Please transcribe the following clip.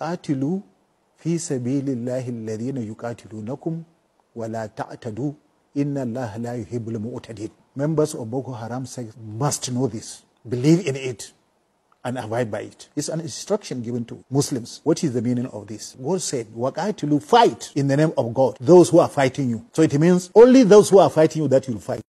qatilu في سبيل الله الذين يقاتلونكم ولا ta'tadu إن الله لا yuhibbul mu'tadin members of boko haram sect must know this believe in it and abide by it. It's an instruction given to Muslims. What is the meaning of this? God said, Waqatilu, fight in the name of God, those who are fighting you. So it means only those who are fighting you that you'll fight.